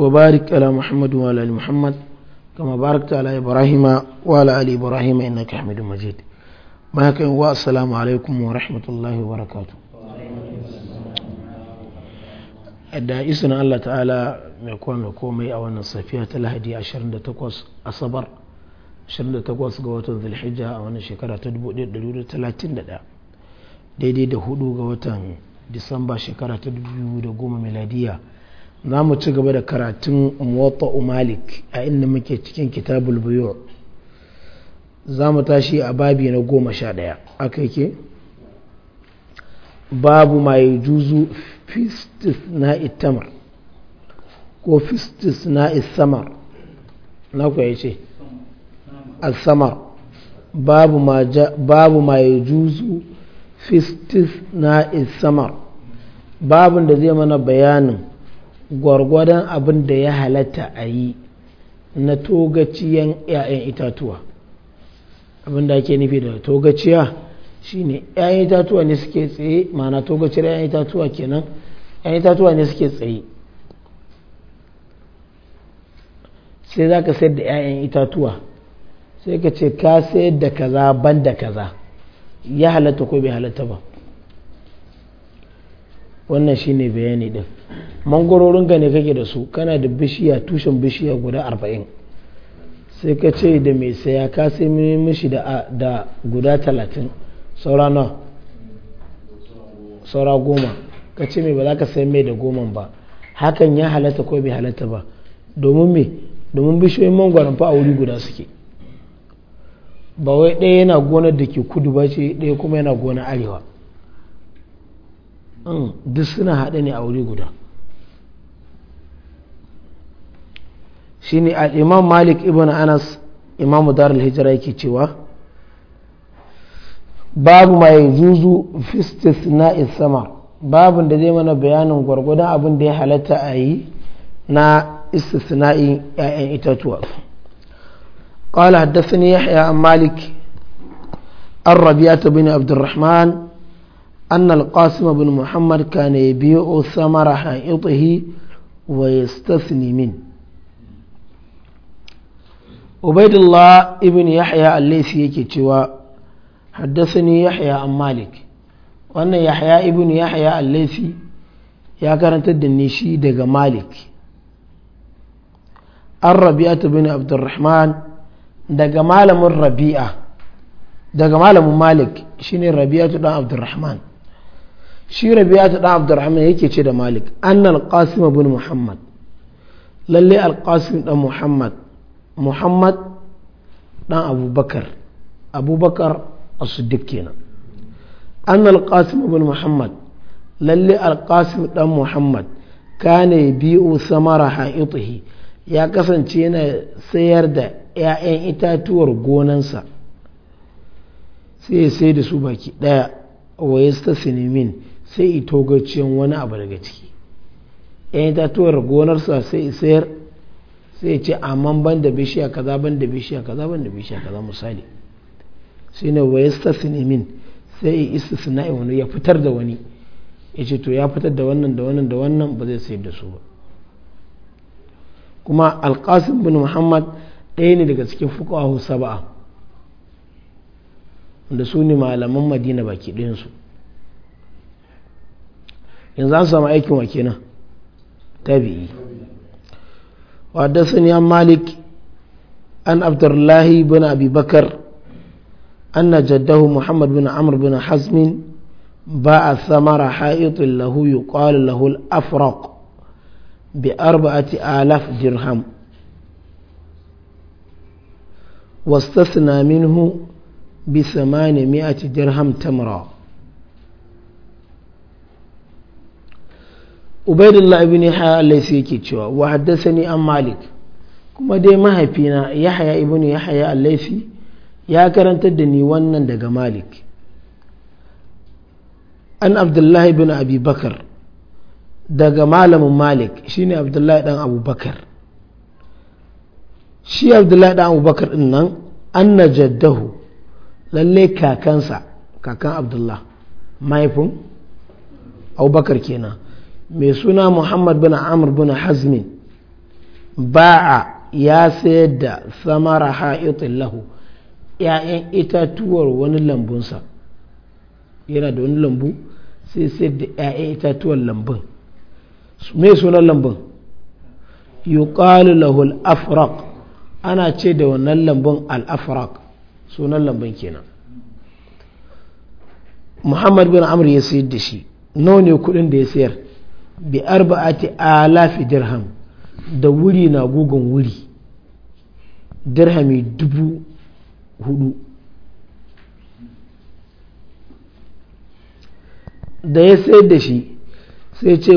وبارك على محمد وعلى آل محمد كما باركت على إبراهيم وعلى آل إبراهيم إنك حميد مجيد ما كان والسلام عليكم ورحمة الله وبركاته da izinin Allah ta'ala mai kowa mai komai a wannan safiya ta lahadi 28 asabar 28 ga watan zulhijja a wannan shekara ta 1431 daidai da hudu ga watan disamba shekara ta 2010 miladiya za mu ci gaba da karatun muwatta umalik a inda muke cikin kitabul buyu za mu tashi a babi na goma sha ɗaya aka yake babu mai juzu fistis na itamar ko fistis na isamar na ku ce asamar babu mai juzu fistis na isamar babun da zai mana bayanin gwargwadon abin da ya halatta a yi na togaciyan 'ya'yan itatuwa abin da ake nufi da togaciya shine 'ya'yan itatuwa ne suke tsaye mana togaciyar 'ya'yan itatuwa kenan 'ya'yan itatuwa ne suke tsaye sai za ka sayar da 'ya'yan itatuwa sai ka ce ka sayar da kaza ban da kaza ya halatta ko bai halatta ba wannan shine bayani ɗin mangororin ka ne kake da su kana da bishiya tushen bishiya guda arba'in sai ka ce da mai saya ka sai mishi da guda talatin saura saura goma ka ce mai ba za ka sai mai da goman ba hakan ya halatta ko bai halatta ba domin me domin bishiyoyin mangwaron fa a wuri guda suke ba wai ɗaya yana gonar da ke kudu ba ce ɗaya kuma yana gonar arewa duk suna haɗe ne a wuri guda shi ne al'imam malik ibn anas imamu al hijira yake cewa babu mai zuzu fistis na sama babu da zai mana bayanin gwargwadon abin da ya halatta a yi na istisna'in 'ya'yan itatuwa قال حدثني يحيى عن مالك الربيعة بن عبد الرحمن أن القاسم بن محمد كان يبيع ثمر حائطه ويستثني منه عبيد الله ابن يحيى الليثي يكتوى حدثني يحيى عن مالك وأن يحيى ابن يحيى الليثي يا كانت الدنيشي دق مالك الربيعة بن عبد الرحمن دق مالم الربيعة دق مالم مالك شيني الربيعة بن عبد الرحمن shi ta ɗan abdurrahman yake ce da malik An al-qasim muhammad lalle alƙasim ɗan muhammad muhammad ɗan abubakar abubakar as-siddiq kenan an al-qasim ibn muhammad lalle alƙasim ɗan muhammad ka ne biyu samara ha'itihi ya kasance yana sayar da 'ya'yan itatuwar gonansa sai ya sai da su baki ɗaya wa yastasini min sai i togacin wani abu daga ciki yan itatuwar gonarsa sai i sayar sai ce amma ban da bishiya kaza ban da bishiya kaza ban da bishiya kaza misali sai ne wa yastasni min sai sinai wani ya fitar da wani ya ce to ya fitar da wannan da wannan da wannan ba zai sayar da su ba kuma alƙasim bin muhammad ɗaya ne daga cikin fuqahu saba'a wanda su ne malaman madina baki ɗayansu yanzu an samu aikin wakina tabi'i wadda ya malik an abdullahi bin abubakar an na jaddahu muhammad bin amur bin hasmin ba a samara haitun lahu yi kwallon afrok bi arba'ati alaf dirham wasta minhu bi samani mi'ati dirham tamra ubaidullah ibn yahya allaisi yake cewa wa haddathani an malik kuma dai mahaifina yahya ibn yahya allaisi ya karantar da ni wannan daga malik an abdullahi ibn abi bakar daga malamin malik shine abdullahi dan abubakar shi abdullahi dan abubakar din nan an na jaddahu lalle kakansa kakan Abdullahi mahaifin abubakar kenan mai suna muhammad bin amr bin hazmin ba'a ya sayar da samara ha'itin lahu ‘ya'yan itatuwar wani lambunsa yana da wani lambu sai sayar da ‘ya'yan itatuwar lambun mai sunan lambun yuqalu lahu al-afraq ana ce da wannan lambun al-afraq sunan lambun kenan muhammad bin amr ya sayar da shi nawa ne kudin da ya sayar bi arba'ati alafi dirham da wuri na gugun wuri dirhami dubu hudu da ya sayar da shi sai ce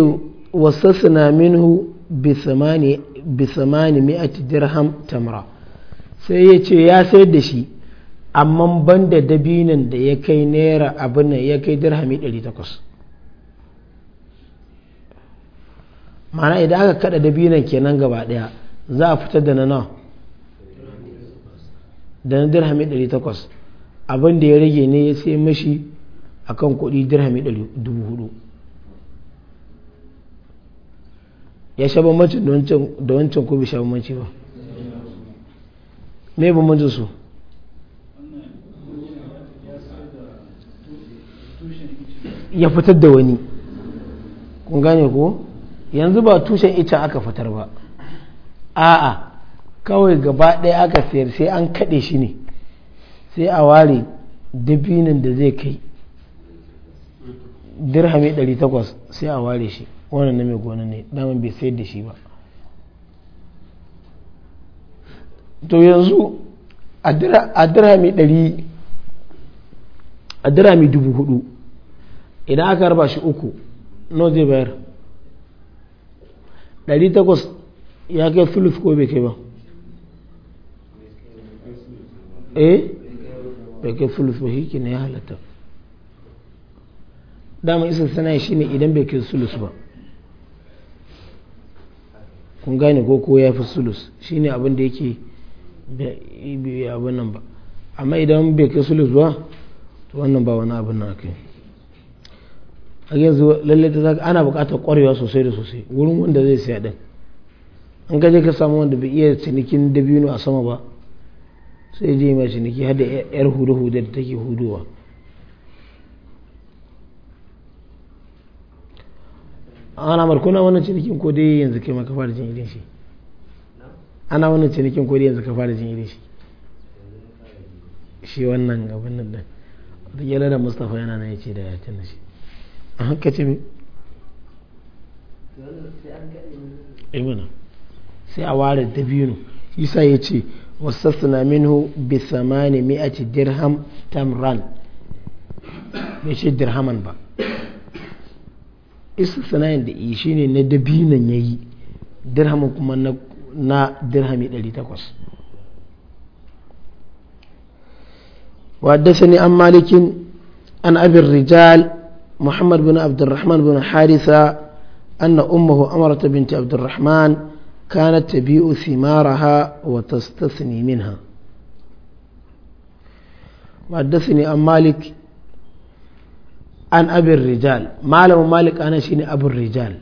wasassana minhu bi samani mi'ati dirham tamra sai ya ce ya sai da shi amma ban da dabinin da ya kai naira abin ya kai dirhami 800 mana idan aka kada biyu kenan gaba daya za a fitar da na nan da na dirhami 800 abin da ya rage ne ya sai mashi a kan kudi dirhami 4,000 ya sha bambancin da wancan ko bai sha bambanci ba me bambancin su ya fitar da wani kun gane ko yanzu ba tushen icen aka fitar ba a'a kawai gaba ɗaya aka sayar sai an kaɗe shi ne sai a ware dabinin da zai kai dirhami 800 sai a ware shi wannan na mai gona ne daman bai sayar da shi ba to yanzu a dirhami 100 a dirhami idan aka raba shi uku no zai bayar ɗari takwas ya kai fuluf ko bai kai ba eh bai kai fuluf ba shi ne ya halatta dama isa sana shi ne idan bai kai sulus ba kun gane ko ko ya fi sulus shi ne abin da yake bai abin nan ba amma idan bai kai sulus ba to wannan ba wani abin na kai a yanzu lallai ta zaka ana buƙatar ƙwarewa sosai da sosai wurin wanda zai siya din an ka je ka samu wanda bai iya cinikin dabino a sama ba sai je mai ciniki har da yar hudu hudu da take huduwa ana markuna wannan cinikin ko dai yanzu kai maka fara jin irin shi ana wannan cinikin ko dai yanzu ka fara jin irin shi shi wannan gaban nan da yana da mustapha yana nan ya ce da ya tana shi Eh sai a ware dabino isa ya ce wasassana minhu bi samani ci dirham tamran bai ce dirhaman ba istisnayin da yi shine na dabinan yayi dirhamin kuma na na dirhami 800 وحدثني عن مالك عن ابي الرجال محمد بن عبد الرحمن بن حارثة أن أمه أمرة بنت عبد الرحمن كانت تبيع ثمارها وتستثني منها وحدثني عن مالك عن أبي الرجال معلم مالك أنا شيني أبو الرجال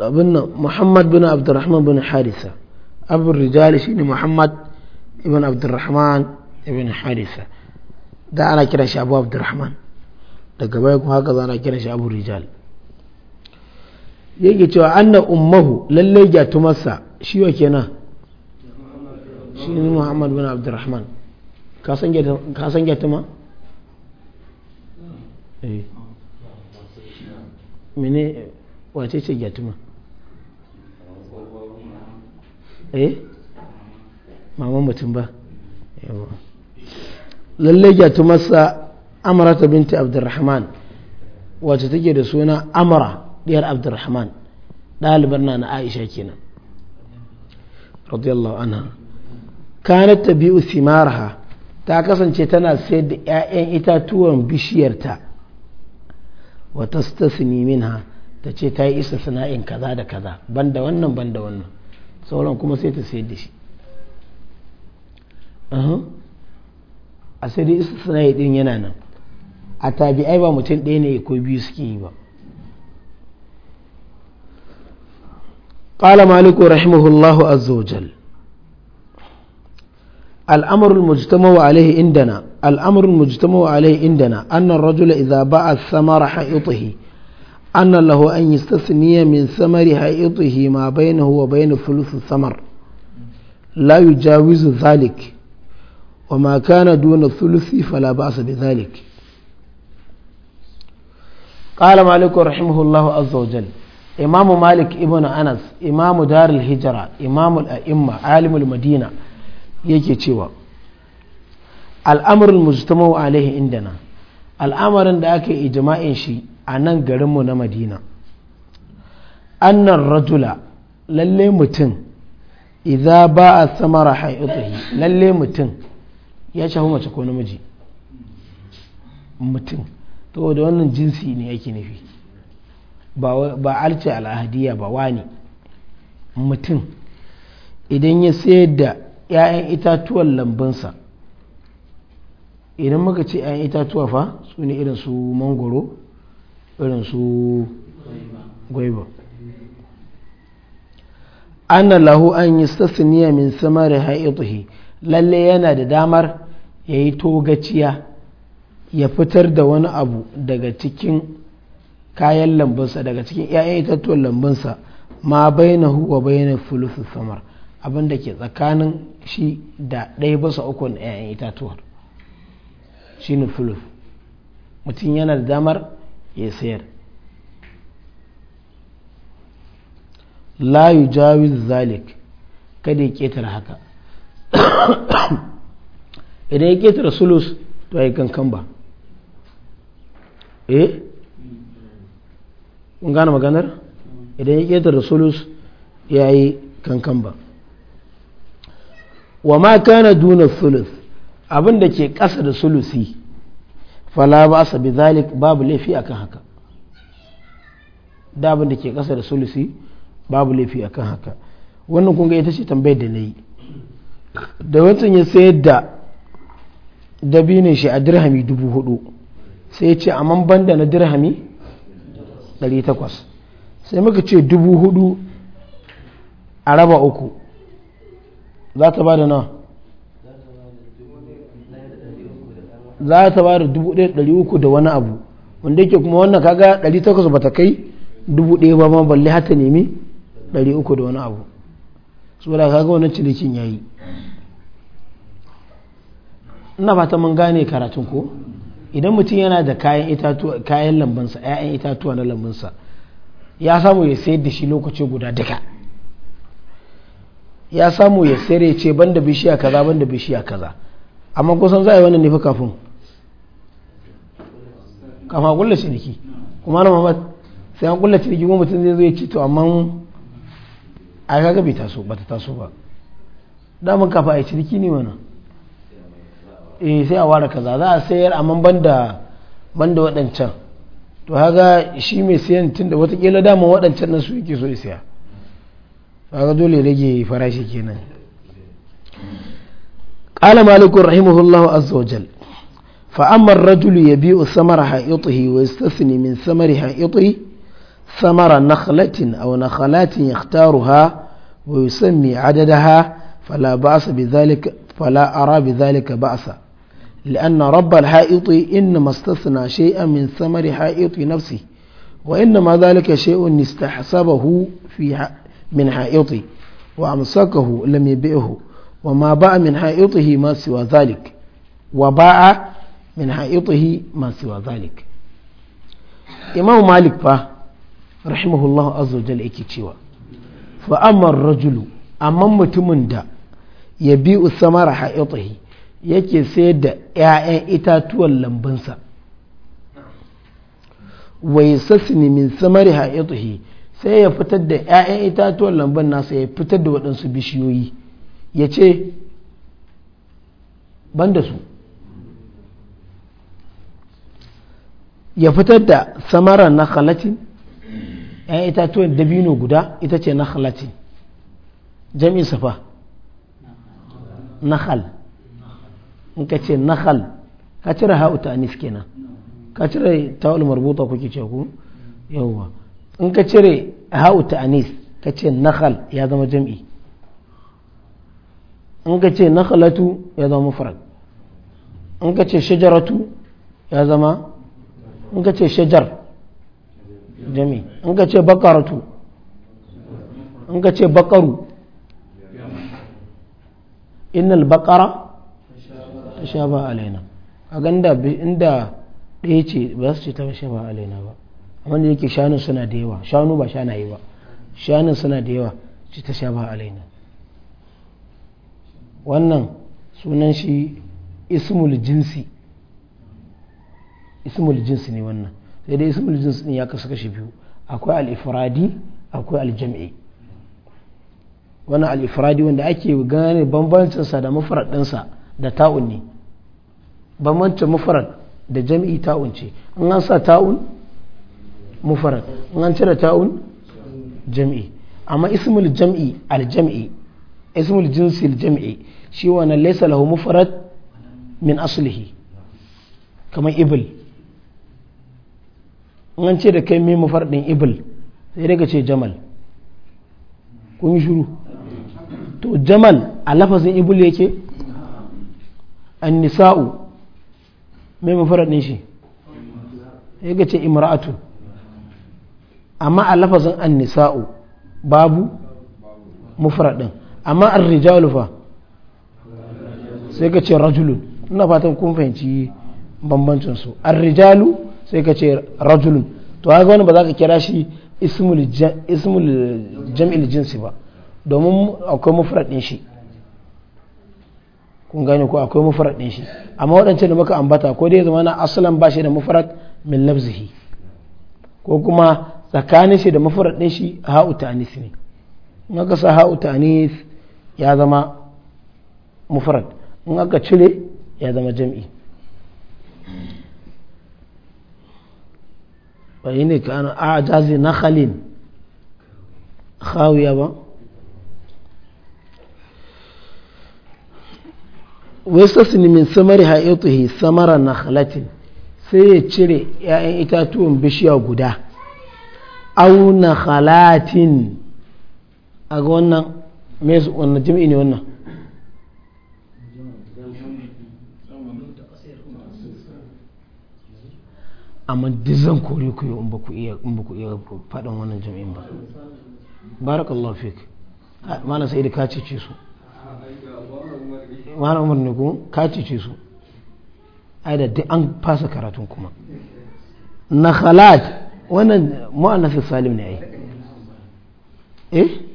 أبن محمد بن عبد الرحمن بن حارثة abin rijali ne muhammad ibn abdurrahman ibn harisa da ana kiran shi abu abdurrahman daga baya kuma haka za ana kiran shi abu rijal yake cewa anna ummahu lallai gyatumarsa shi wa kenan shi ne muhammad ibn abdurrahman ka san gyatuma? Eh. mene wace ce gyatuma? eh maman mutum ba lallai gyatu masa ta binti abdurrahman wacce take da suna amara diyar abdurrahman ɗalibar na na aisha kenan radiyallahu anha kanat tabi'u thimarha ta kasance tana sayar da 'ya'yan itatuwan bishiyarta wa tastasni minha ta ce ta yi isa sana'in kaza da kaza banda wannan banda wannan sauran kuma sai ta sayar da shi a sai dai istisnai din yana nan a tabi'ai ba mutum ɗaya ne ko biyu suke yi ba قال مالك رحمه الله عز وجل الأمر المجتمع عليه عندنا الأمر المجتمع عليه عندنا أن الرجل إذا باع الثمر أن له أن يستثني من ثمر حيطه ما بينه وبين ثلث الثمر لا يجاوز ذلك وما كان دون الثلث فلا بأس بذلك قال مالك رحمه الله عز وجل إمام مالك ابن أنس إمام دار الهجرة إمام الأئمة عالم المدينة يكي تيوى الأمر المجتمع عليه عندنا الأمر عندك إجماع شيء a nan garinmu na madina annan rajula lalle mutum idza ba a samara haidhi lalle mutum ya shafi mace ko namiji mutum to da wannan jinsi ne yake nufi ba alci al'ahadiyya ba wani mutum idan ya sayar da 'ya'yan itatuwan lambunsa idan muka ce 'ya'yan itatuwa fa su ne irin su mangoro irin su gwaiba ana lahu an yi sassaniya min samari ha'iduhi lalle yana da damar ya yi togaciya ya fitar da wani abu daga cikin kayan lambunsa daga cikin 'ya'yan itatuwan lambunsa ma bai na huwa bai na fulusun samar abin ke tsakanin shi da ɗaya basa uku na 'ya'yan itatuwar shi ne fulus mutum yana da damar ya sayar layu yujawiz zalik kada ya ketare haka idan ya ketare sulus to ya kankan ba eh kun gane maganar idan ya ketare sulus ya yi kankan ba wa ma kana duna sulus abin da ke kasa da sulusi fala ba sa sabi zalik babu laifi akan haka dabin da ke kasa da sulusi babu laifi akan haka wannan kunga ita ce tambayar da na yi da wancan ya sayar da dabinin shi a dirhami dubu hudu sai ya ce amma banda na dirhami 800 sai muka ce dubu hudu a raba uku za ta ba da nawa za ta ba da dubu ɗaya ɗari uku da wani abu wanda yake kuma wannan kaga ɗari takwas ba ta kai dubu ɗaya ba ma balle har ta nemi ɗari uku da wani abu saboda kaga wannan cinikin ya yi ina fata mun gane karatun ko idan mutum yana da kayan itatuwa kayan lambansa ƴaƴan itatuwa na lambansa ya samu ya sayar da shi lokaci guda duka ya samu ya sayar ya ce banda bishiya kaza banda bishiya kaza amma kusan za a yi wannan nufi kafin kama kulle ciniki kuma na mamad sai an kulle ciniki kuma mutum zai zo ya to amma a kaga bai taso ba ta taso ba mun kafa a yi ciniki ne mana eh sai a ware kaza za a sayar amma banda banda waɗancan to haga shi mai sayan tun da watakila dama waɗancan nan su yake so ya saya haga dole rage farashi kenan قال مالك رحمه الله عز وجل فأما الرجل يبيع ثمر حائطه ويستثني من ثمر حائطه ثمر نخلة أو نخلات يختارها ويسمي عددها فلا بأس بذلك فلا أرى بذلك بأسا لأن رب الحائط إنما استثنى شيئا من ثمر حائط نفسه وإنما ذلك شيء استحسبه في من حائطه وأمسكه لم يبيعه وما باع من حائطه ما سوى ذلك وباع min haitihi ma siwa zalik imam malik fa rahimahullahu azza wa yake cewa fa amma rajulu amma mutumin da ya bi usamara haitihi yake sayar da 'ya'yan itatuwan lambunsa wai sassini min samari haitihi sai ya fitar da 'ya'yan itatuwan lambun nasa ya fitar da waɗansu bishiyoyi ya ce ban da su ya fitar da samara na khalatin ‘yan itatuwan dabino guda ita ce na khalatin jami'in safa nahal in ka ce nahal ka cire hauta ta anis kenan ka cire ta'ul marbuta kuke ce ku yawwa in ka cire hauta ta anis ka ce nahal ya zama jami'i in ka ce nahalatu ya zama mufrad in ka ce shajaratu ya zama in ka ce shajar jami inka ka ce bakaratu in ka ce bakaru innal bakara ta sha ba alaina a ganda inda ɗaya ce ba su ce ta sha ba alaina ba wanda yake shanu suna da yawa shanu ba yi ba shanu suna da yawa ce ta sha ba alaina wannan sunan shi ismul jinsi ismul jins ne wannan sai dai ismul jins ne ya kasu kashi biyu akwai al-ifradi akwai al-jam'i wannan al-ifradi wanda ake gane bambancin sa da mufrad din sa da ta'un ne bambancin mufrad da jam'i ta'un ce in an sa ta'un mufarad in an cire ta'un jam'i amma ismul jam'i al-jam'i ismul jinsi al-jam'i shi wannan laysa lahu mufrad min aslihi kamar ibil an ce da kai mai mafardin ibil sai daga ce jamal kun yi shuru to jamal a lafazin ibil yake an nisa'u mai mafardin shi sai ga ce imra'atu amma a lafazin an nisa'u babu mufradin amma an rijalu fa sai ga ce rajulun ina fatan kun fahimci bambancin an rijalu sai ka ce rajulun to haka wani ba za ka kira shi ismul jam'il jinsi ba domin akwai mufradin shi kun gane ko akwai mufrad shi amma waɗancan da muka ambata ko dai zama na asalan ba shi da mufrad min labzihi ko kuma tsakanin shi da mufrad din shi ha'u ta'anis ne in aka sa ha'u ta'anis ya zama mufrad in aka cire ya zama jam'i ba yi ne kanu a jazi na khawiya ba wastasini min samari ha'ituhi samara na khalatin sai ya cire 'ya'yan itatuwan bishiya guda au na khalatin a ga wannan mai wannan jami'i ne wannan amma duk zan kore ku yi in ba ku iya faɗin wannan jami'in ba barakallahu fik ah, mana sai da kaci ce su mana umar ne kuma kaci ce su ai da duk an fasa karatun kuma na khalat wannan mu'annafin salim ne ai eh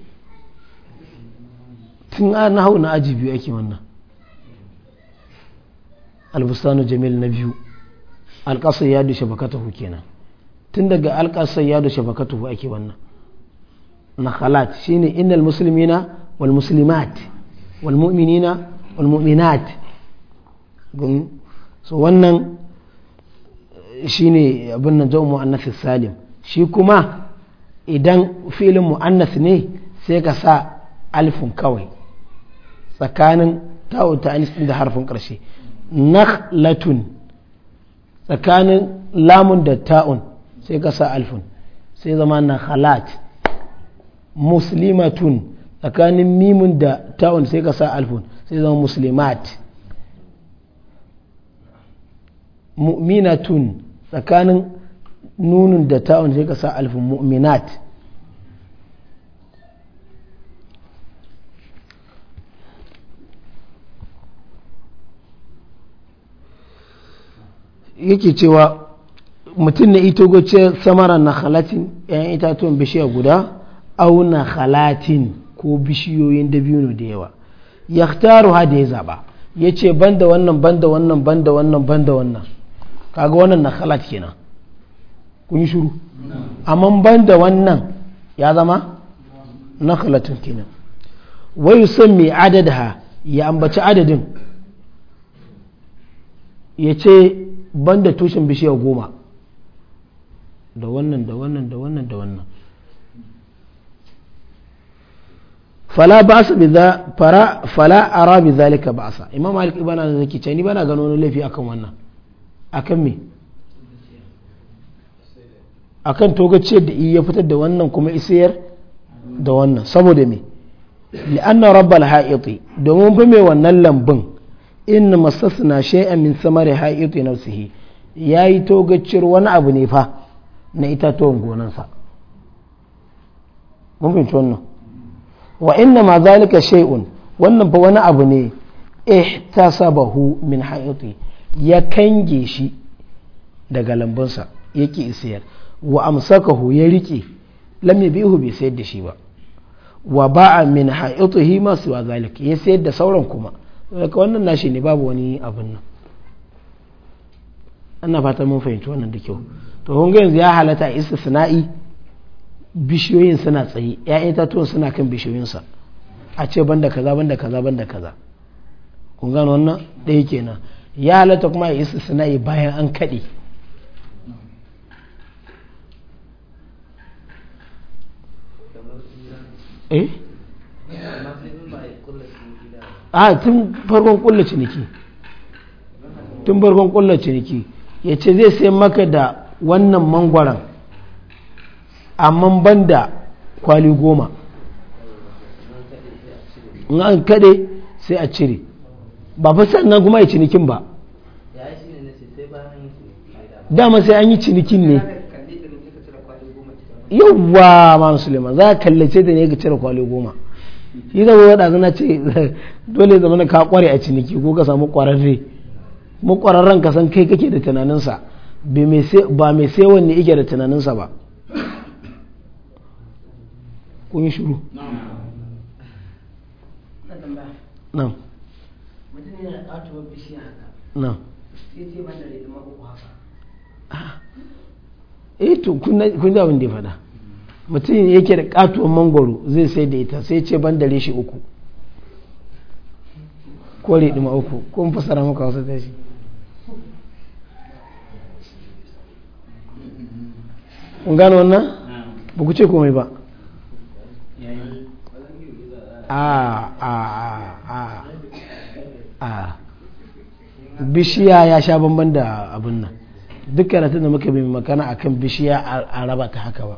tun a na hau na aji biyu ake wannan albustanu jamil na biyu alƙasar ya dushe bakatahu kenan tun daga alƙasar ya dushe bakatahu ake wannan nakhalat shine innal muslimina wal muslimat wal mu'minina wal mu'minat so wannan shine abin nan jawu muannas salim shi kuma idan filin muannas ne sai ka sa alifin kawai tsakanin ta'u ta'anis da harfin ƙarshe nakhlatun tsakanin lamun da ta'un sai ka sa alfun sai zama na halat muslimatun tsakanin mimun da ta'un sai ka sa alfun sai zama muslimat mu'minatun tsakanin nunun da ta'un sai ka sa alfun mu'minat yake cewa mutum na ito goce samara na halatin ‘yan itatuwan bishiya guda au na halatin ko bishiyoyin dabino da yawa ya taru ha da ya zaba ya ce banda wannan banda wannan banda wannan banda wannan kaga wannan na halat kenan kun yi shuru amma banda wannan ya zama na halatun kenan wai san mai adada ya ambaci adadin ya ce banda tushen bishiya goma da wannan da wannan da wannan da wannan fala ba su bi fara fala a rabi zalika ba sa imam malik ibana da zaki ce ni bana gano wani laifi akan wannan akan me akan togace da iya fitar da wannan kuma isiyar da wannan saboda me li'anna rabbal ha'iti domin fa mai wannan lambun in masasna shay'an min samari ha'itu ya yi togaccir wani abu ne fa na itatuwan gonansa mun fi wannan wa inna ma zalika shay'un wannan fa wani abu ne eh tasabahu min haiti ya kange shi daga lambunsa yake isiyar wa amsakahu ya rike lam yabihu bai sayar da shi ba wa ba'a min haitihi ma wa zalika ya sayar da sauran kuma wannan nashi ne babu wani abin nan ana fatan mun fahimci wannan da kyau to hunga yanzu ya halatta sana'i bishiyoyin suna tsaye ya'yan itatuwan suna kan bishiyoyinsa a ce banda kaza banda kaza banda kaza kun gano wannan ɗaya kenan ya halatta kuma ya sana'i bayan an kaɗe eh a tun farkon kulla ciniki tun farkon kulla ciniki ya ce zai sai maka da wannan mangwaron amma ban da kwali goma in an kade sai a cire ba fa sannan kuma ya cinikin ba dama sai an yi cinikin ne yauwa ma musulman za a kallace da ne ga cire kwali goma shi zama wada zana ce dole zama ka kware a ciniki ko ka samu kwararre mu kwararren ka san kai kake da tunaninsa ba mai sai wanne ike da tunaninsa ba kun yi shuru na'am mutum yana haka na'am sai ce da uku haka eh to kun ji abin da ya fada mutum yake da katuwan mangoro zai sai da ita sai ce ban dare shi uku ko ɗuma uku ko fasara muka wasu da shi kun gano wannan ba ku ce komai ba a a a a bishiya ya sha bamban da abin nan duk karatun da muka bi makana akan bishiya a raba ta haka ba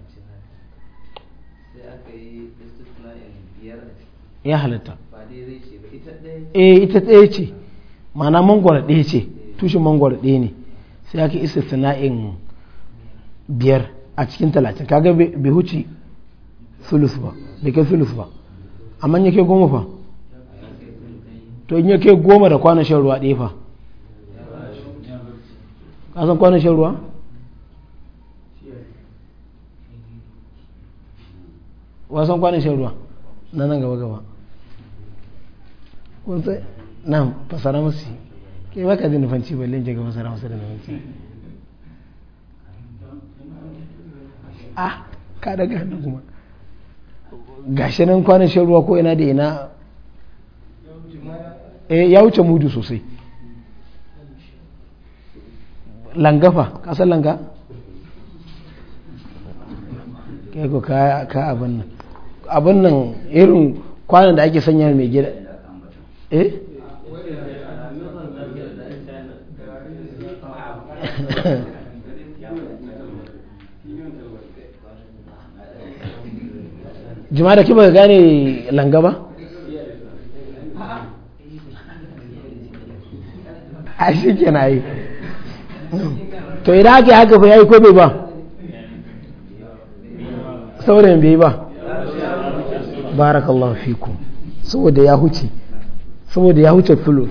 ya halitta eh, eh ita ɗaya ce mana mangwara ɗaya ce tushen mangwara ɗaya ne sai aka isa sana'in biyar a cikin talatin kaga bai huci sulus ba bai kai sulus ba amma ya kai goma fa to in ya kai goma da kwanan shan ruwa ɗaya fa kasan kwanan shan ruwa wasan kwanin shan ruwa na nan gaba gaba wata nan fasara musu ke baka da nufanci balle in ga fasara musu da nufanci ah ka daga hannun kuma gashi nan kwanin shan ruwa ko ina da ina eh ya wuce mudu sosai langafa kasar langa kai ko ka abin nan abin nan irin kwanan da ake sanya mai gida eh? jima da kiba gane langa ba a shi ke na yi to idan aka yi haka bai ya yi ko bai ba saurayin bai ba barakallahu fikum saboda ya huce saboda ya huce fulus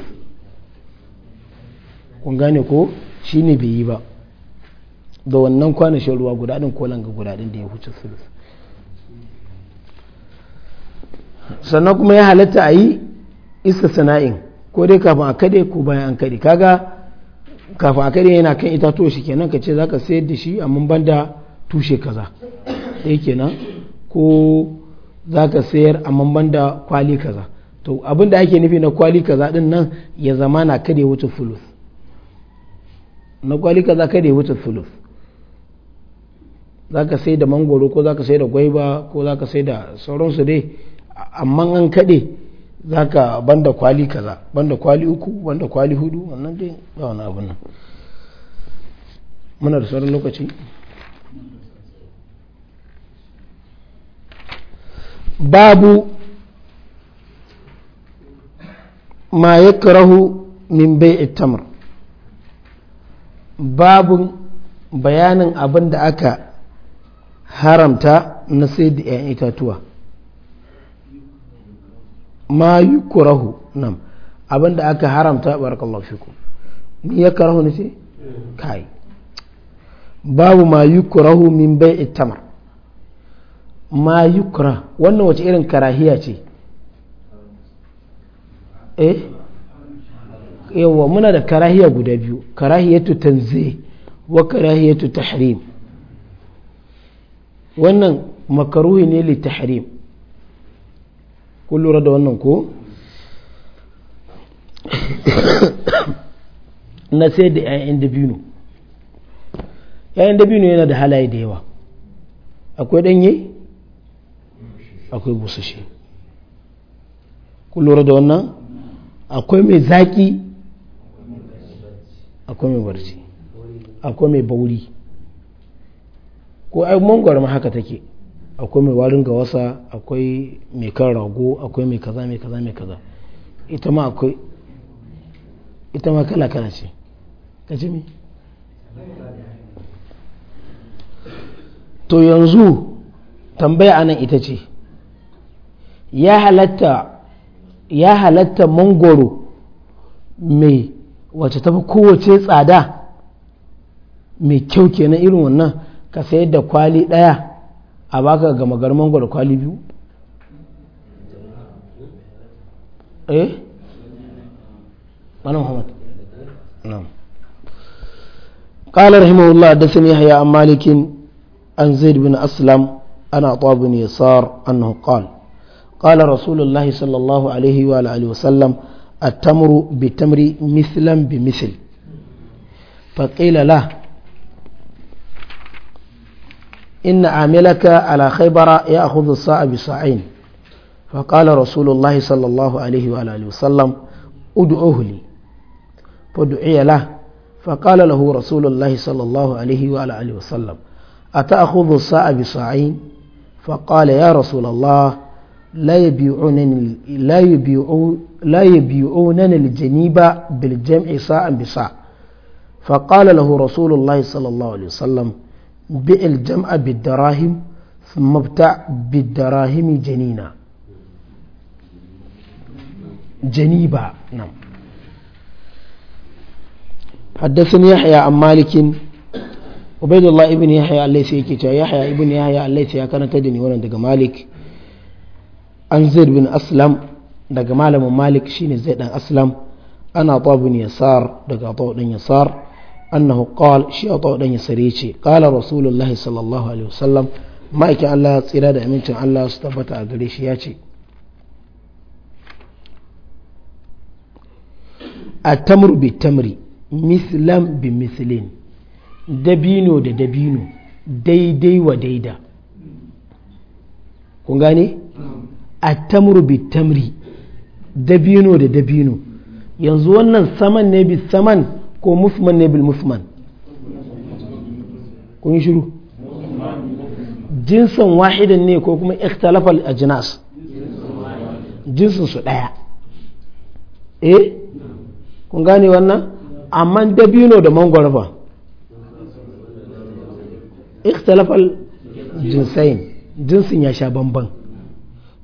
kun gane ko shi ne bai yi ba da wannan kwanashin ruwa guda din ko langa guda din da ya huce fulus sannan kuma ya halatta a yi sana'in ko dai kafin a kade ko bayan an kade kaga kafin a kade yana kan itatuwa shi kenan ka ce ka sayar da shi amma banda tushe kaza ɗaya kenan ko za ka sayar a mamban da kwali kaza to abin da ake nufi na kwali kaza din nan ya zama na kada ya wuce fulus na kwali kaza kada ya wuce fulus za ka sai da mangoro ko za ka sai da gwaiba ko za ka sai da sauransu dai amma an kade za ka banda kwali kaza banda kwali uku banda kwali hudu wannan dai ba wani abin nan muna da sauran lokaci babu ma ya karahu min bai itamar babun bayanin abin da aka haramta na sai da 'yan itatuwa ma yi kurahu nan abin da aka haramta barakallahu fikum ni ya karahu ne sai kai babu ma yi kurahu min bai itamar ma yukra wannan wace irin karahiya ce eh yawa muna da karahiya guda biyu karahiyatu tanzih wa karahiyatu tahrim wannan makaruhi ne li tahrim kun lura da wannan ko na sai da 'ya'yan dabino ‘ya'yan dabino yana da halaye da yawa akwai ɗanye akwai busashe ku lura da wannan akwai mai zaki akwai mai barci akwai mai bauri ko ai mangwara ma haka take akwai mai warin ga wasa akwai mai kan rago akwai mai kaza mai kaza mai kaza ita ma akwai ita ma kala kala ce ka ji mi to yanzu tambaya anan ita ce ya halatta ya halatta mangoro mai wace tafi kowace tsada mai kyau kenan irin wannan ka sayar da kwali ɗaya a baka gama garin mangoro kwali biyu eh muhammad na'am قال رحمه الله حدثني يحيى عن مالك عن زيد بن اسلم عن عطاء بن يسار انه قال قال رسول الله صلى الله عليه وآله وسلم التمر بتمر مثلا بمثل فقيل له إن عاملك على خيبر يأخذ الصاع بصاعين فقال رسول الله صلى الله عليه وآله وسلم ادعوه لي فدعي له فقال له رسول الله صلى الله عليه وآله وسلم أتأخذ الصاع بصاعين فقال يا رسول الله لا يبيعون لا يبيعون لا يبيعون الجنيب بالجمع صاع بصاع فقال له رسول الله صلى الله عليه وسلم بئ الجمع بالدراهم ثم ابتع بالدراهم جنينا جنيبا نعم حدثني يحيى عن مالك عبيد الله ابن يحيى الليثي يحيى ابن يحيى الليثي كان تدني ولد مالك an zaid bin aslam daga malamin malik shine zai dan aslam ana ta bin yasar daga ta yasar annahu qal shi ta dan yasar yace qala rasulullahi sallallahu alaihi wasallam ma'aikin Allah ya tsira da amincin Allah su tabbata a gare shi yace atamru bi tamri mislam bi mislin dabino da dabino daidai wa daida kun gane atamru bi tamri dabino da dabino yanzu wannan saman ne bi saman ko musman ne bil musman kun yi shiru jinsin wahidan ne ko kuma ikhtalafal ajnas jinsin su daya eh kun gane wannan amma dabino da mangwaro ba ikhtalafal jinsain jinsin ya sha bambam.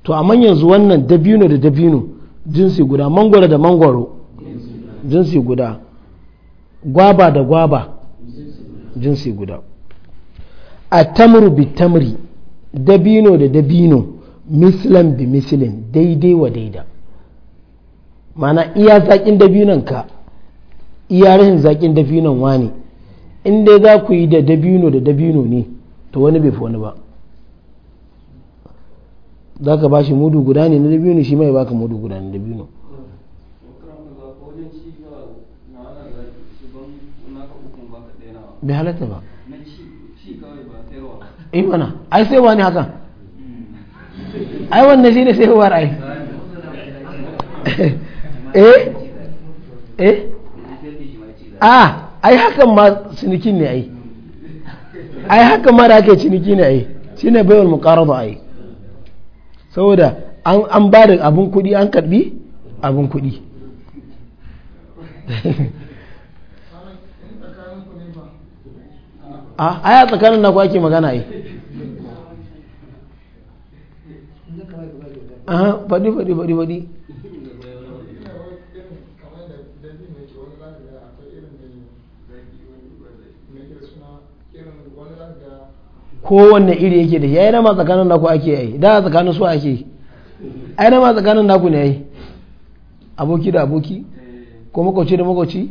to amma yanzu wannan dabino da dabino jinsi guda mangoro da mangoro jinsi guda gwaba da gwaba jinsi guda a tamuru bi tamri dabino da dabino mislan bi mislin daidai wa daida mana iya zaƙin dabinon ka iya rashin zaƙin dabinon wani in dai za ku yi da dabino da dabino ne to wani bai fi wani ba za ka ba shi mudu guda ne na dabino shi mai baka mudu guda na dabino bai halatta ba ai eh mana ai sai wani haka ai wannan shi ne sai wa ra'ayi eh eh a ai hakan ma cinikin ne ai ai hakan ma da ake ciniki ne ai shine baiwal muqarrada ai saboda an ba da abin kuɗi an karbi abin kuɗi ah, a aya tsakanin na ake magana yi ah, faɗi faɗi faɗi faɗi kowanne iri yake da yayi ma tsakanin naku ake yi da tsakanin su ake yi ai rama tsakanin naku ne yi aboki da aboki ko makwabci da makwabci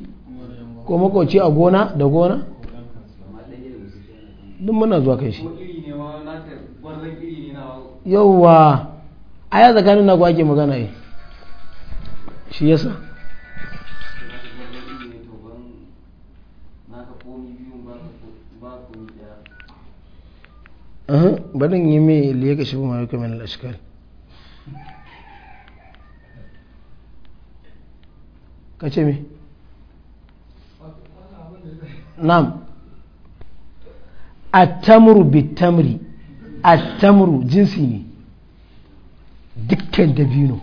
ko makwabci a gona da gona duk muna zuwa kai shi yauwa a ya tsakanin naku ake magana yi shi yasa barin yi mai liya ga shi kuma rikamin lashikal ka ce mai nam attamuru a tamuru jinsi ne dukkan dabino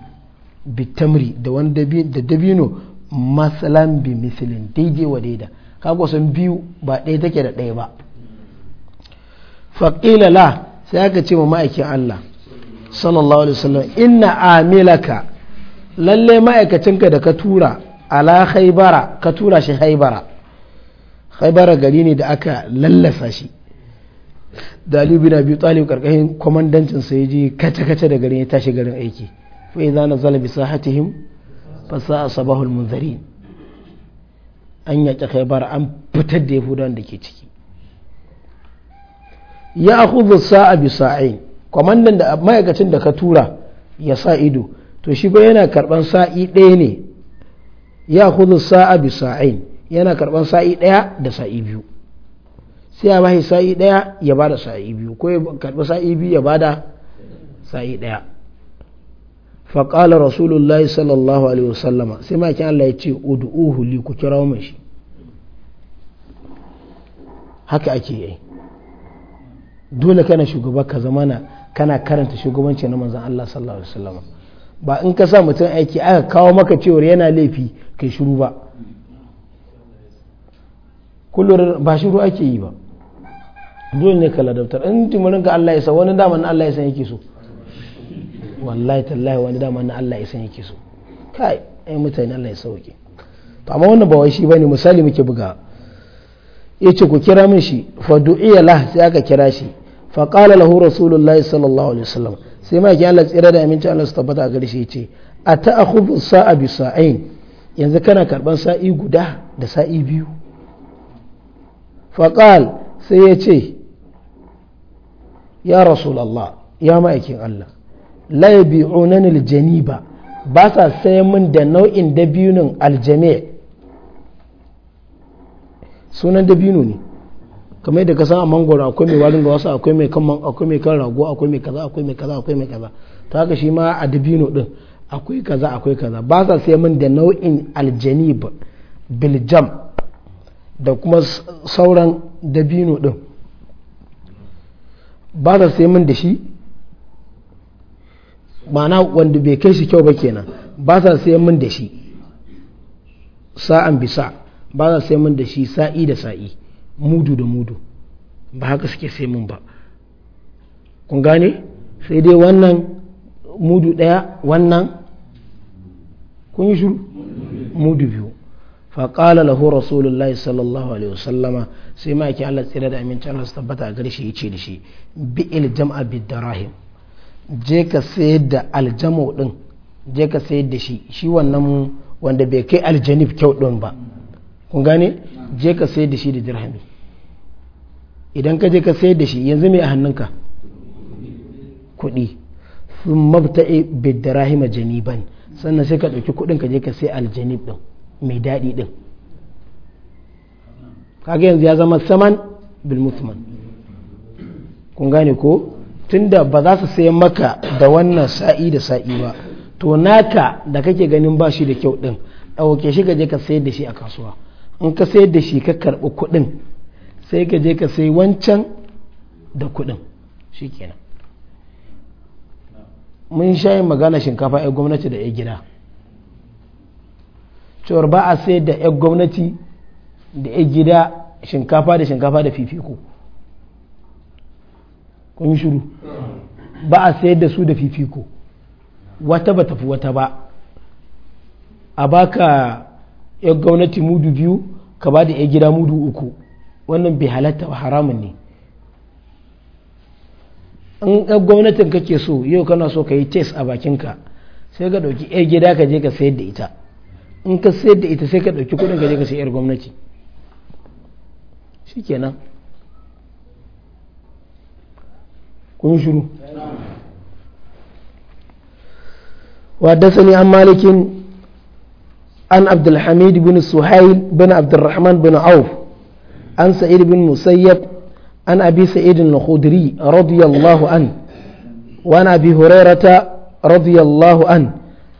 bitamri da wani dabino masalan bi misilin daidai wa daida kagwasan biyu ba ɗaya take da ɗaya ba faƙila la sai aka ce wa ma'aikin Allah sallallahu alaihi wasallam inna amilaka lalle ma'aikacinka da ka tura ala haibara ka tura shi haibara haibara gari ne da aka lallasa shi da Ali bin Abi Talib karkashin komandancin sa yaje kace kace da garin ya tashi garin aiki fa idza nazala bi sahatihim fa sa'a sabahul munzirin an yaki khaybar an fitar da yahudawan da ke ciki ya akhudhu sa'a bi sa'ain kwamandan da ma'aikacin da ka tura ya sa ido to shi ba yana karban sa'i ɗaya ne ya akhudhu sa'a bi sa'ain yana karban sa'i ɗaya da sa'i biyu sai ya bashi sa'i ɗaya ya bada sa'i biyu ko ya karbi sa'i biyu ya bada sa'i ɗaya faƙala rasulullahi sallallahu alaihi wasallama sai makin Allah ya ce udu'uhu li ku kira mun shi haka ake yi dole kana shugaba ka zamana kana karanta shugabanci na manzan Allah sallallahu alaihi wasallam ba in ka sa mutum aiki aka kawo maka cewar yana laifi kai shiru ba kullum ba shiru ake yi ba dole ne ka ladabtar in timurin ka Allah ya san wani daman na Allah ya san yake so wallahi tallahi wani daman na Allah ya san yake so kai ai mutane Allah ya sauke to amma wannan ba wai shi bane misali muke buga yace ku kira min shi fa du'iya lah sai aka kira shi faƙala lahu rasulullahi sallallahu alaihi wasallam sai ma yake Allah tsira da aminci Allah su tabbata a gare shi yace a ta'khudhu sa'a bi sa'ain yanzu kana karban sa'i guda da sa'i biyu faqal sai ya ce ya rasulullah ya ma'aikin Allah la yabi'unani aljaniba ba sa sai min da nau'in dabinin aljami' sunan dabino ne kamar yadda ka san a mangoro akwai mai warin gawasa akwai mai kan akwai mai kan rago akwai mai kaza akwai mai kaza akwai mai kaza to haka shi ma a dabino din akwai kaza akwai kaza ba sa sai min da nau'in aljanib biljam da kuma sauran dabino din ba sa sai min da shi ma'ana wanda bai kai shi kyau ba kenan ba sa sai min da shi sa'an bisa ba sa sai min da shi sa'i da sa'i mudu da mudu ba haka suke sai mun ba kun gane sai dai wannan mudu ɗaya wannan kun yi shuru mudu biyu faƙala lahu rasulullahi sallallahu alaihi wasallama sai ma yake Allah tsira da aminci Allah su tabbata a gare shi yace da shi bi'il jam'a bidarahim je ka sayar da aljamu din je ka sayar da shi shi wannan wanda bai kai aljanib kyau din ba kun gane je ka sai da shi da dirhami idan ka je ka sai da shi yanzu mai a hannunka kuɗi sun mabta'i bidirahima janiban sannan sai ka ɗauki kuɗin ka je ka sai aljanib ɗin mai daɗi ɗin kaga yanzu ya zama saman bilmusman kun gane ko tunda ba za su sayan maka da wannan sa'i da sa'i ba to naka da kake ganin ba shi da kyau ɗin ɗauke shi ka je ka sayar da shi a kasuwa in ka sayar da shi ka karɓi kuɗin sai ka je ka sai wancan da kuɗin shi kenan mun sha yin magana shinkafa 'yan gwamnati da 'yan gida cewar ba a sayar da 'yan gwamnati da 'yan gida shinkafa da shinkafa da fifiko kun yi shuru ba a sayar da su da fifiko wata ba tafi wata ba a baka yau gwamnati mudu biyu ka ba da gida mudu uku wannan bai halatta ba haramun ne in gwamnatin gwamnatin kake so yau kana so ka yi tes a bakinka sai ka ɗauki 'yan gida ka je ka sayar da ita in ka sayar da ita sai ka ɗauki kuɗin ka je ka sayar gwamnati shi kenan kun shuru wa dasani an malikin an abdulhamid bin suhail bin abdurrahman bin auf an sa'id bin musayyad an abi sa'id al-khudri radiyallahu an wa an abi hurairata radiyallahu an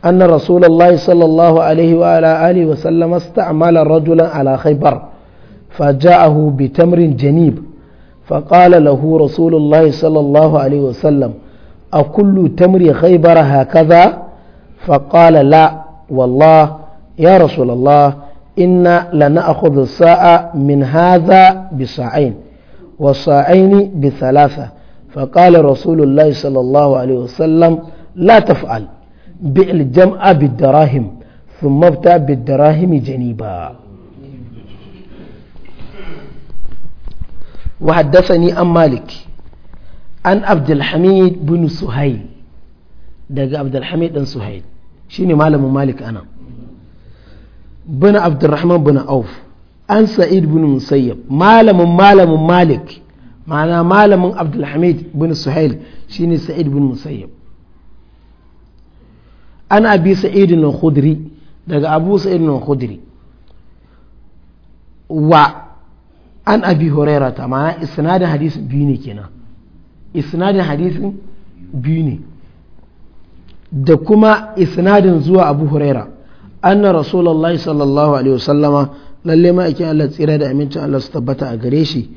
أن رسول الله صلى الله عليه وعلى آله وسلم استعمل رجلا على خيبر فجاءه بتمر جنيب فقال له رسول الله صلى الله عليه وسلم أكل تمر خيبر هكذا فقال لا والله ya rasulallah inna lana akhudhu sa'a min hadha bi sa'ain wa sa'aini bi salasa fa qala rasulullah sallallahu alaihi wasallam la taf'al bi'l jam'a bid darahim thumma bta bid darahim janiba وحدثني عن مالك عن عبد الحميد بن سهيل دق عبد الحميد بن سهيل شيني مالك أنا bin abdurrahman bin auf an sa'id bin musayyab malamin malamin malik ma'ana malamin abdulhamid bin suhail shine sa'id bin musayyab an abi sa'id bin khudri daga abu sa'id bin khudri wa an abi huraira ta ma'ana isnadin hadisin biyu ne kenan isnadin hadisin biyu ne da kuma isnadin zuwa abu huraira anna rasulullahi sallallahu alaihi wasallama lalle ma ake Allah tsira da amincin Allah su tabbata a gare shi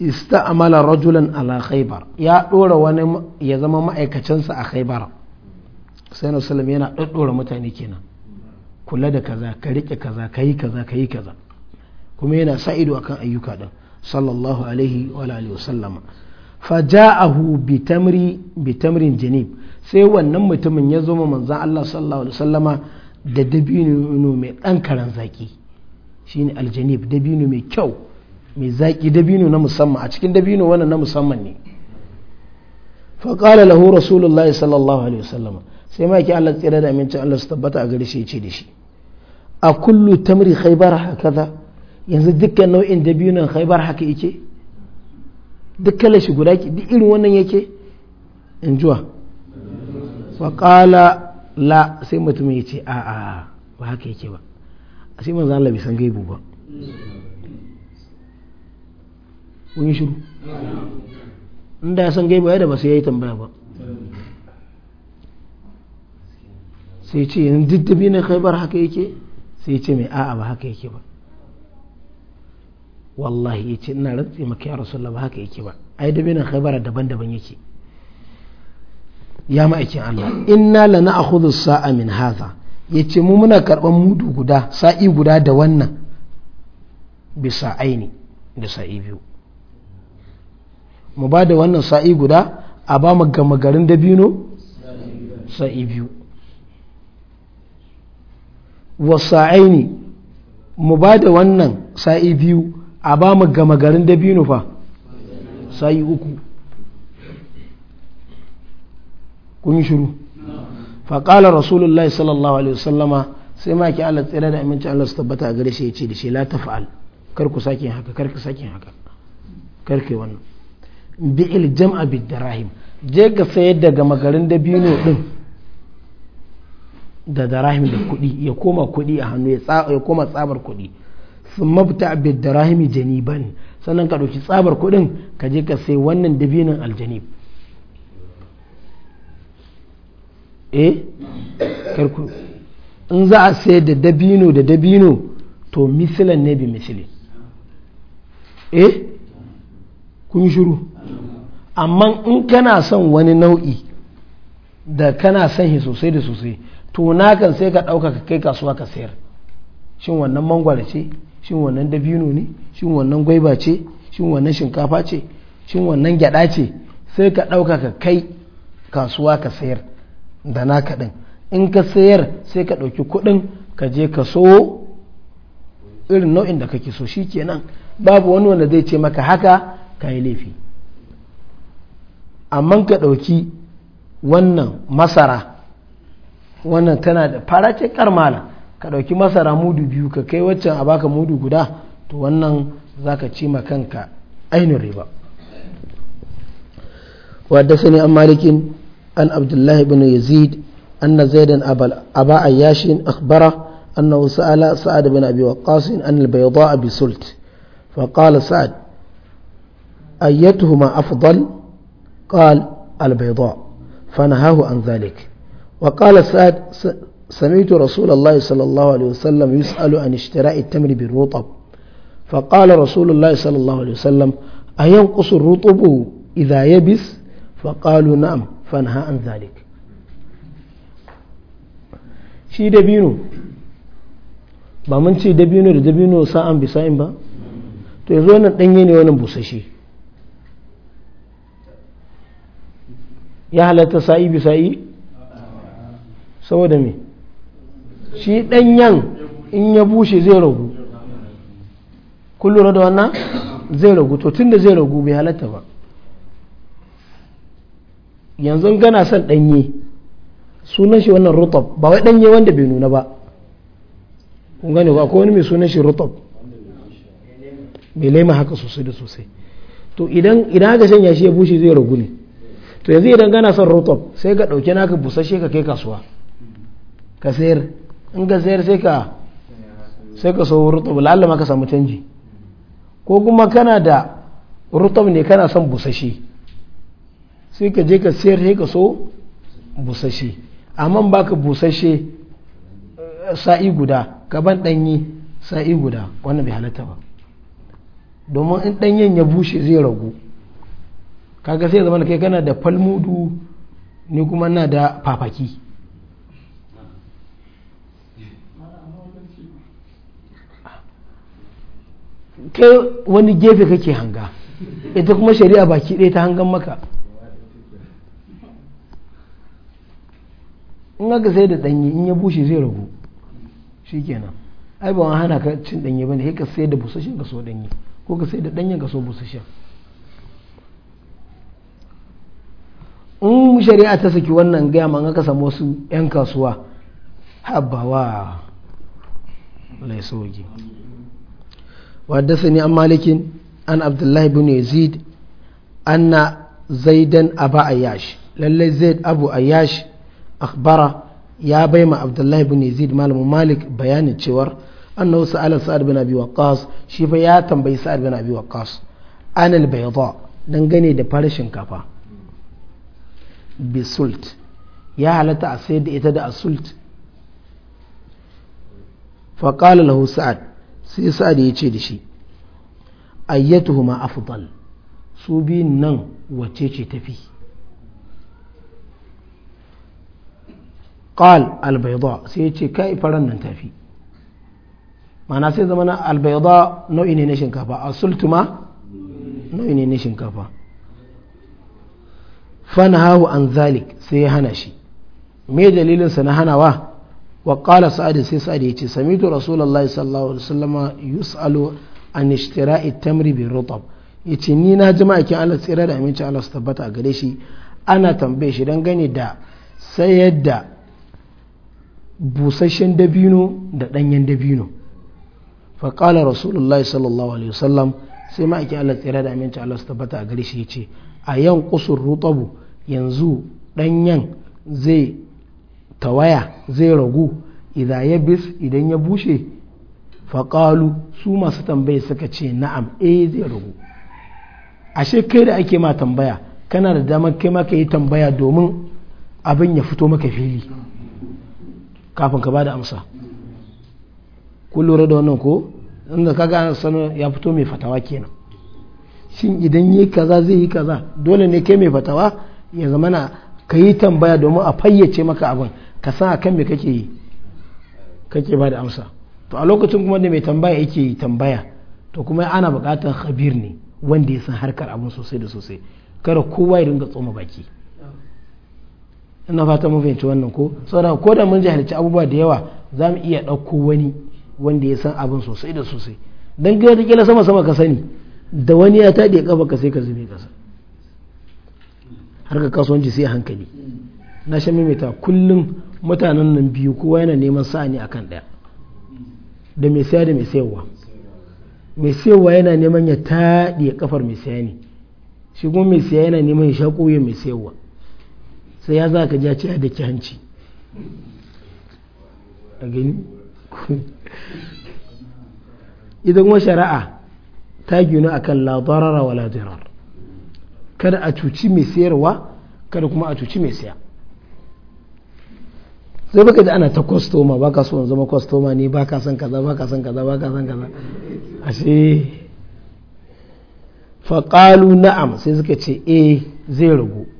ista'mala rajulan ala khaybar ya dora wani ya zama ma'aikacinsa a khaybar sai na sallam yana daddora mutane kenan kula da kaza ka rike kaza ka yi kaza ka yi kaza kuma yana sa ido akan ayyuka din sallallahu alaihi wa alihi wasallama faja'ahu bitamri bitamrin janib sai wannan mutumin ya zo manzon Allah sallallahu alaihi wasallama da dabino mai ɗan karan zaki shine aljanib dabino mai kyau mai zaki dabino na musamman a cikin dabino wannan na musamman ne faƙala lahu rasulullah sallallahu alaihi wasallam sai ma yake Allah tsira da amincin Allah su tabbata a gare shi ya ce da shi a kullu tamri khaybar hakaza yanzu dukkan nau'in dabinon khaybar haka yake dukkan shi guda ki duk irin wannan yake in juwa faƙala la sai mutum ya ce a a ba haka yake ba sai manzo Allah bai san gaibu ba kun yi shiru inda ya san gaibu ya da ba sai ya yi tambaya ba sai ce yanzu diddabi ne khaibar haka yake sai ce mai a'a ba haka yake ba wallahi ya ce ina rantsi maka ya rasu ba haka yake ba ai dabi na khaibara daban-daban yake ya ma'aikin Allah inna la na'khudhu sa'a min hadha yace mu muna karban mudu guda sa'i guda da wannan bisa aini da sa'i biyu mu ba da wannan sa'i guda a ba mu gama garin da dabino sa'i biyu wa sa'aini mu ba da wannan sa'i biyu a ba mu gama garin da biyu fa sa'i uku kun yi shiru faƙala rasulullahi sallallahu alaihi wasallama sai ma ki Allah tsira da aminci Allah su tabbata a gare shi ya ce da shi la tafa'al kar ku sake haka kar ku sake haka kar ku wannan bi'il jam'a bid darahim je ga sayar da gama garin dabino din da darahim da kuɗi ya koma kuɗi a hannu ya koma tsabar kuɗi sun a bid darahim janiban sannan ka ɗauki tsabar kuɗin ka je ka sai wannan dabinin aljanib eh karku in za a sayar da dabino da dabino to misilan ne bi misili eh kun shiru amma in kana son wani nau'i da kana son shi sosai da sosai to na kan sai ka ɗauka ka kai kasuwa ka sayar shin wannan mangwara ce shin wannan dabino ne shin wannan gwaiba ce shin wannan shinkafa ce shin wannan gyada ce sai ka ɗauka ka kai kasuwa ka sayar da naka ɗin in ka sayar sai ka ɗauki kuɗin ka je ka so irin nau'in da kake so shi kenan babu wani wanda zai ce maka haka ka yi laifi amma ka ɗauki wannan masara wannan tana da fara ce karmala ka ɗauki masara mudu biyu ka kai waccan a baka mudu guda to wannan za ka ci kanka ainihin riba وحدثني عن مالك عن عبد الله بن يزيد أن زيدا أبا عياش أخبره أنه سأل سعد بن أبي وقاص أن البيضاء بسلت فقال سعد أيتهما أفضل قال البيضاء فنهاه عن ذلك وقال سعد سمعت رسول الله صلى الله عليه وسلم يسأل عن اشتراء التمر بالرطب فقال رسول الله صلى الله عليه وسلم أينقص الرطب إذا يبس فقالوا نعم fanha عن ذلك shi dabino ba mun ce dabino da dabino sa'an bi sa'in ba to yanzu wannan danye ne wannan busashe ya halatta sa'i bi sa'i saboda me shi danyen in ya bushe zai ragu kullu da wannan zai ragu to tun da zai ragu bai halatta ba yanzu gana son ɗanye sunan shi wannan rutab ba wai ɗanye wanda bai nuna ba kun gane ba ko wani mai sunan shi rutab bai laima haka sosai da sosai to idan idan haka shanya shi ya bushe zai ragu ne to yanzu idan gana son rutab sai ka ɗauki naka busasshe ka kai kasuwa ka sayar in ka sayar sai ka sai ka sau rutab lallama ka samu canji ko kuma kana da rutab ne kana son busasshe sai ka je ka sayar sai ka so busashe amma ka busashe eh, sa'i guda ka ban ɗanyi sa'i guda wannan bai halatta ba domin in ɗanyen ya bushe zai ragu kaga sai zama kai kana da falmudu ni kuma na da fafaki kai wani gefe kake hanga ita kuma shari'a baki ɗaya ta hangan maka in aka sai da danyi in ya bushe zai ragu shi kenan ai ba hana ka cin danyi ba ne ka sai da busashen ka so danyi ko ka sai da danyen ka so busashen in shari'a ta saki wannan gaya ma aka samu wasu 'yan kasuwa habawa lai soji sani an malikin an abdullahi bin yazid يزيد أن زيدا أبا lallai للي abu أبو akbara ya bai ma abdullahi bin yazid malamin malik bayanin cewar annahu sa'ala sa'ad bin abi waqqas shi fa ya tambayi sa'ad bin abi waqqas anil bayda dangane da farar shinkafa bisult ya halatta a sayar da ita da asult faƙala lahu sa'ad sai sa'ad ya ce da shi ayyatuhuma afdal su biyun nan wacce ce tafi qal albayda sai ya ce kai faran nan tafi ma'ana sai zama na albayda nau'i ne na shinkafa a sultuma nau'i ne na shinkafa fana hahu an zalik sai ya hana shi me dalilinsa na hanawa wa qala sa'ad sai sa'ad ya ce samitu rasulullahi sallallahu alaihi wasallama yus'alu an ishtira'i tamri bi rutab yace ni na jama'a kin Allah tsira da aminci Allah su tabbata a gare shi ana tambaye shi gani da sayar da busasshen dabino da ɗanyen dabino faƙalar rasulullahi sallallahu alaihi wasallam sai ma'aikin allah tsira da aminci allah su tabbata a gare shi ya ce a yan kusur rutabu yanzu ɗanyen zai tawaya zai ragu idan ya bis idan ya bushe faƙalu su masu tambaye suka ce na'am eh zai ragu ashe kai da ake ma tambaya kana da damar kai ma ka yi tambaya domin abin ya fito maka fili kafin ka ba da amsa kun lura da wannan ko inda kaga an sanu ya fito mai fatawa kenan shin idan yi kaza zai yi kaza dole ne kai mai fatawa ya zama na ka yi tambaya domin a fayyace maka abin ka san a kan me kake yi kake ba da amsa to a lokacin kuma da mai tambaya yake yi tambaya to kuma ana buƙatar khabir ne wanda ya san harkar abin sosai da sosai kada kowa ya dinga tsoma baki ina fata mun fahimci wannan ko saboda ko da mun jahilci abubuwa da yawa za mu iya ɗauko wani wanda ya san abin sosai da sosai don gina ta kila sama sama ka sani da wani ya taɗe ƙafa ka sai ka zube ƙasa har ka kasuwanci sai hankali na shan maimaita kullum mutanen nan biyu kowa yana neman sa'ani akan ɗaya da mai saya da mai sayarwa mai sayarwa yana neman ya taɗe ƙafar mai saya ne shi kuma mai saya yana neman ya sha ƙoye mai sayarwa sai ya za ka ja ce da ki hanci a gani idan wa shari'a ta gina a kan labarara wa la kada a cuci mai sayarwa kada kuma a cuci mai saya zai baka ji ana ta kwastoma ba ka so zama kwastoma ne ba ka son kaza ba ka son kaza ba ka son kaza ashe faƙalu na'am sai suka ce eh zai ragu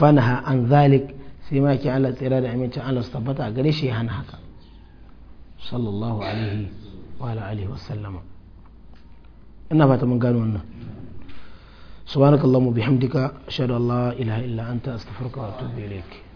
fanaha an zalik sai ma ke Allah tsira da amincin Allah su tabbata a gare shi ya hana haka sallallahu alaihi wa ala alihi wa sallama ina fata mun gano wannan subhanakallahumma bihamdika ashhadu an la ilaha illa anta astaghfiruka wa atubu ilaik